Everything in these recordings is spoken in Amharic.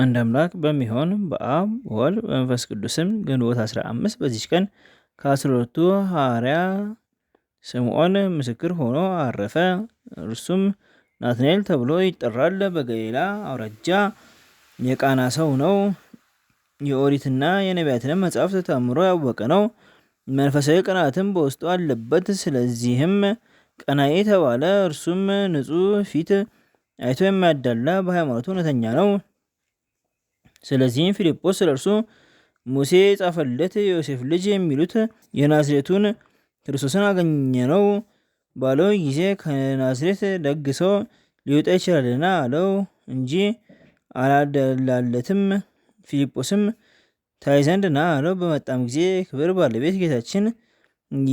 አንድ አምላክ በሚሆን በአብ ወልድ በመንፈስ ቅዱስም ግንቦት 15 በዚች ቀን ከአስራ ሐዋርያ ስምዖን ምስክር ሆኖ አረፈ። እርሱም ናትናኤል ተብሎ ይጠራል። በገሊላ አውራጃ የቃና ሰው ነው። የኦሪትና የነቢያትን መጽሐፍ ተምሮ ያወቀ ነው። መንፈሳዊ ቅናትም በውስጡ አለበት። ስለዚህም ቀናኢ ተባለ። እርሱም ንጹሕ ፊት አይቶ የማያዳላ በሃይማኖቱ እውነተኛ ነው። ስለዚህም ፊልጶስ ስለ እርሱ ሙሴ ጻፈለት ዮሴፍ ልጅ የሚሉት የናዝሬቱን ክርስቶስን አገኘ ነው ባለው ጊዜ ከናዝሬት ደግ ሰው ሊወጣ ይችላልና አለው እንጂ አላደላለትም። ፊልጶስም ታይ ዘንድ ና አለው። በመጣም ጊዜ ክብር ባለቤት ጌታችን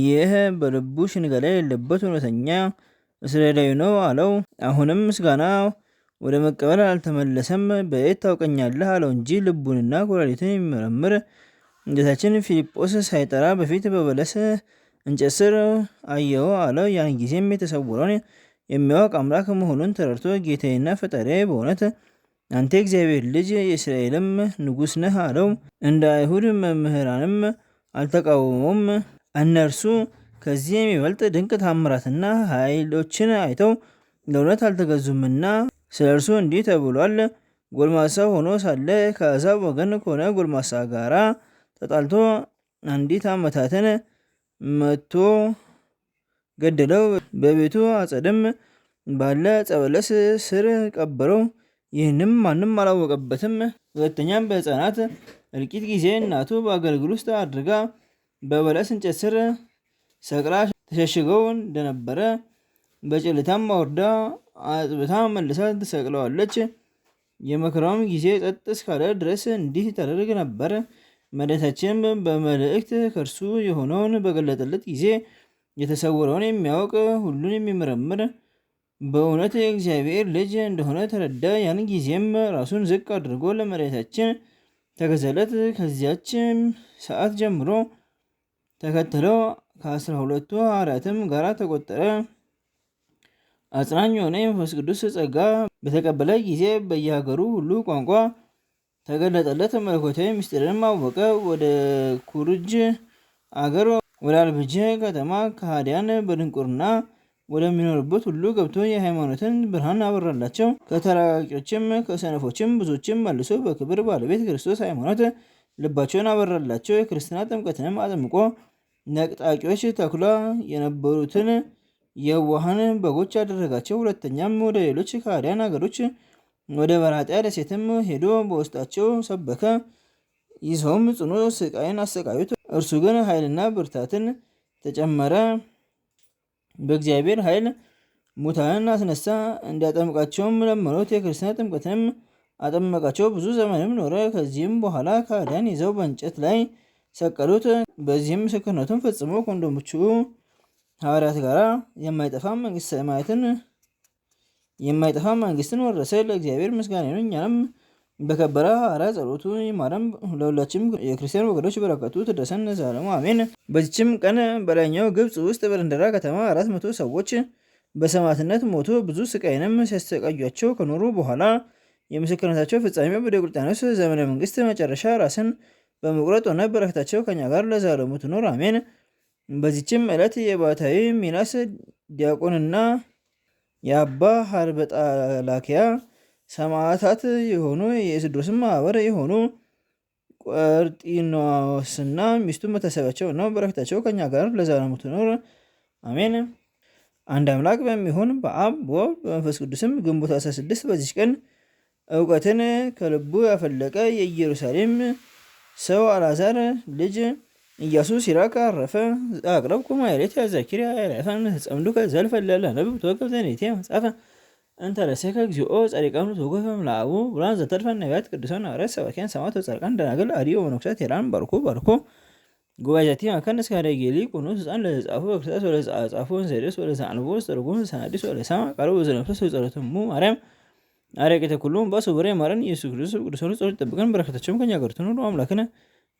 ይህ በልቡ ሽንገላ የሌለበት እውነተኛ እስራኤላዊ ነው አለው። አሁንም ምስጋና ወደ መቀበል አልተመለሰም። በየት ታውቀኛለህ አለው እንጂ ልቡንና ኩላሊቱን የሚመረምር ጌታችን ፊልጶስ ሳይጠራ በፊት በበለስ እንጨት ስር አየው አለው። ያን ጊዜም የተሰወረውን የሚያውቅ አምላክ መሆኑን ተረድቶ ጌታዬና ፈጣሪዬ በእውነት አንተ እግዚአብሔር ልጅ የእስራኤልም ንጉሥ ነህ አለው። እንደ አይሁድ መምህራንም አልተቃወመውም። እነርሱ ከዚህ የሚበልጥ ድንቅ ታምራትና ኃይሎችን አይተው ለእውነት አልተገዙምና ስለ እርሱ እንዲህ ተብሏል፣ ጎልማሳ ሆኖ ሳለ ከአሕዛብ ወገን ከሆነ ጎልማሳ ጋራ ተጣልቶ አንዲት አመታትን መቶ ገደለው። በቤቱ አጸድም ባለ ጸበለስ ስር ቀበረው። ይህንም ማንም አላወቀበትም። ሁለተኛም በህፃናት እልቂት ጊዜ እናቱ በአገልግል ውስጥ አድርጋ በበለስ እንጨት ስር ሰቅላ ተሸሽገው እንደነበረ በጭልታም አውርዳ አጥብታ መልሳ ትሰቅለዋለች። የመከራውም ጊዜ ጸጥ እስካለ ድረስ እንዲህ ታደርግ ነበር። መድኃኒታችን በመልእክት ከእርሱ የሆነውን በገለጠለት ጊዜ የተሰወረውን የሚያውቅ ሁሉን የሚመረምር በእውነት የእግዚአብሔር ልጅ እንደሆነ ተረዳ። ያን ጊዜም ራሱን ዝቅ አድርጎ ለመድኃኒታችን ተገዘለት ከዚያችም ሰዓት ጀምሮ ተከተለው ከአስራ ሁለቱ ሐዋርያትም ጋር ተቆጠረ። አጽናኝ የሆነ የመንፈስ ቅዱስ ጸጋ በተቀበለ ጊዜ በየሀገሩ ሁሉ ቋንቋ ተገለጠለት። መለኮታዊ ምስጢርንም አወቀ። ወደ ኩርጅ አገር አልብጅ ከተማ ከሃዲያን በድንቁርና ወደሚኖርበት ሁሉ ገብቶ የሃይማኖትን ብርሃን አበራላቸው። ከተራቂዎችም ከሰነፎችም ብዙዎችም መልሶ በክብር ባለቤት ክርስቶስ ሃይማኖት ልባቸውን አበራላቸው። የክርስትና ጥምቀትንም አጥምቆ ነቅጣቂዎች ተኩላ የነበሩትን የዋሃን በጎች አደረጋቸው። ሁለተኛም ወደ ሌሎች ከሃዲያን አገሮች ወደ በራጢያ ደሴትም ሄዶ በውስጣቸው ሰበከ። ይዘውም ጽኑ ስቃይን አሰቃዩት። እርሱ ግን ኃይልና ብርታትን ተጨመረ። በእግዚአብሔር ኃይል ሙታንን አስነሳ፣ እንዲያጠምቃቸውም ለመኑት። የክርስትና ጥምቀትንም አጠመቃቸው። ብዙ ዘመንም ኖረ። ከዚህም በኋላ ከሃዲያን ይዘው በእንጨት ላይ ሰቀሉት። በዚህም ምስክርነቱን ፈጽሞ ከወንድሞቹ ሐዋርያት ጋር የማይጠፋ መንግስት ሰማያትን የማይጠፋ መንግስትን ወረሰ። ለእግዚአብሔር ምስጋና ነው። እኛንም በከበረ ሐዋርያ ጸሎቱ ይማረን። ለሁላችንም የክርስቲያን ወገኖች በረከቱ ትድረሰን ዘላለሙ አሜን። በዚችም ቀን በላይኛው ግብፅ ውስጥ በደንደራ ከተማ አራት መቶ ሰዎች በሰማዕትነት ሞቱ። ብዙ ስቃይንም ሲያሰቃያቸው ከኖሩ በኋላ የምስክርነታቸው ፍጻሜ በዲዮቅልጥያኖስ ዘመነ መንግስት መጨረሻ ራስን በመቁረጥ ሆነ። በረከታቸው ከኛ ጋር ለዘላለሙ ትኖር አሜን። በዚችም ዕለት የባሕታዊ ሚናስ ዲያቆንና የአባ ሀርበጣላኪያ ሰማዕታት የሆኑ የኤስድሮስም ማህበር የሆኑ ቆርጢኖስና ሚስቱ መታሰቢያቸው ነው። በረከታቸው ከኛ ጋር ለዘላለሙ ትኖር አሜን። አንድ አምላክ በሚሆን በአብ በወልድ በመንፈስ ቅዱስም ግንቦት 16 በዚች ቀን እውቀትን ከልቡ ያፈለቀ የኢየሩሳሌም ሰው አልዓዛር ልጅ ኢያሱ ሲራክ አረፈ አቅረብ አቅረብኩ የሌት ዘኪርያ ኤልያታን ህፀምዱ ከዘልፈለለ ለነብብ ተወከብ ዘኔቴ መጻፈ እንተ ረሴከ እግዚኦ ጸሪቀኑ ተጎፈ ምላአቡ ብርሃን ዘተርፈ ነቢያት ቅዱሳን ሐዋርያት ሰባኪያን ሰማዕታት ወጻድቃን ደናግል አርዮ መነኮሳት ሄራን በርኩ ባርኩ ጉባኤቲ መካነ እስካደ ጌሊ ቁኑ ስፃን ለተጻፉ በክርስቶስ ወለ ጻፉ ዘዴስ ወለ ዘአንቦ ተርጉም ሰናዲስ ወለ ሰማ ቃሉ በዘነፍስ ወጸረቱሙ ማርያም አረቄተ ኩሉም ብሬ ማረን ኢየሱስ ክርስቶስ ቅዱሳኑ ጸሎት ጠብቀን በረከታቸውም ከኛ ጋር ትኑር አምላክነ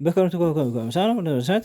በከረምቱ ነው ለመሳት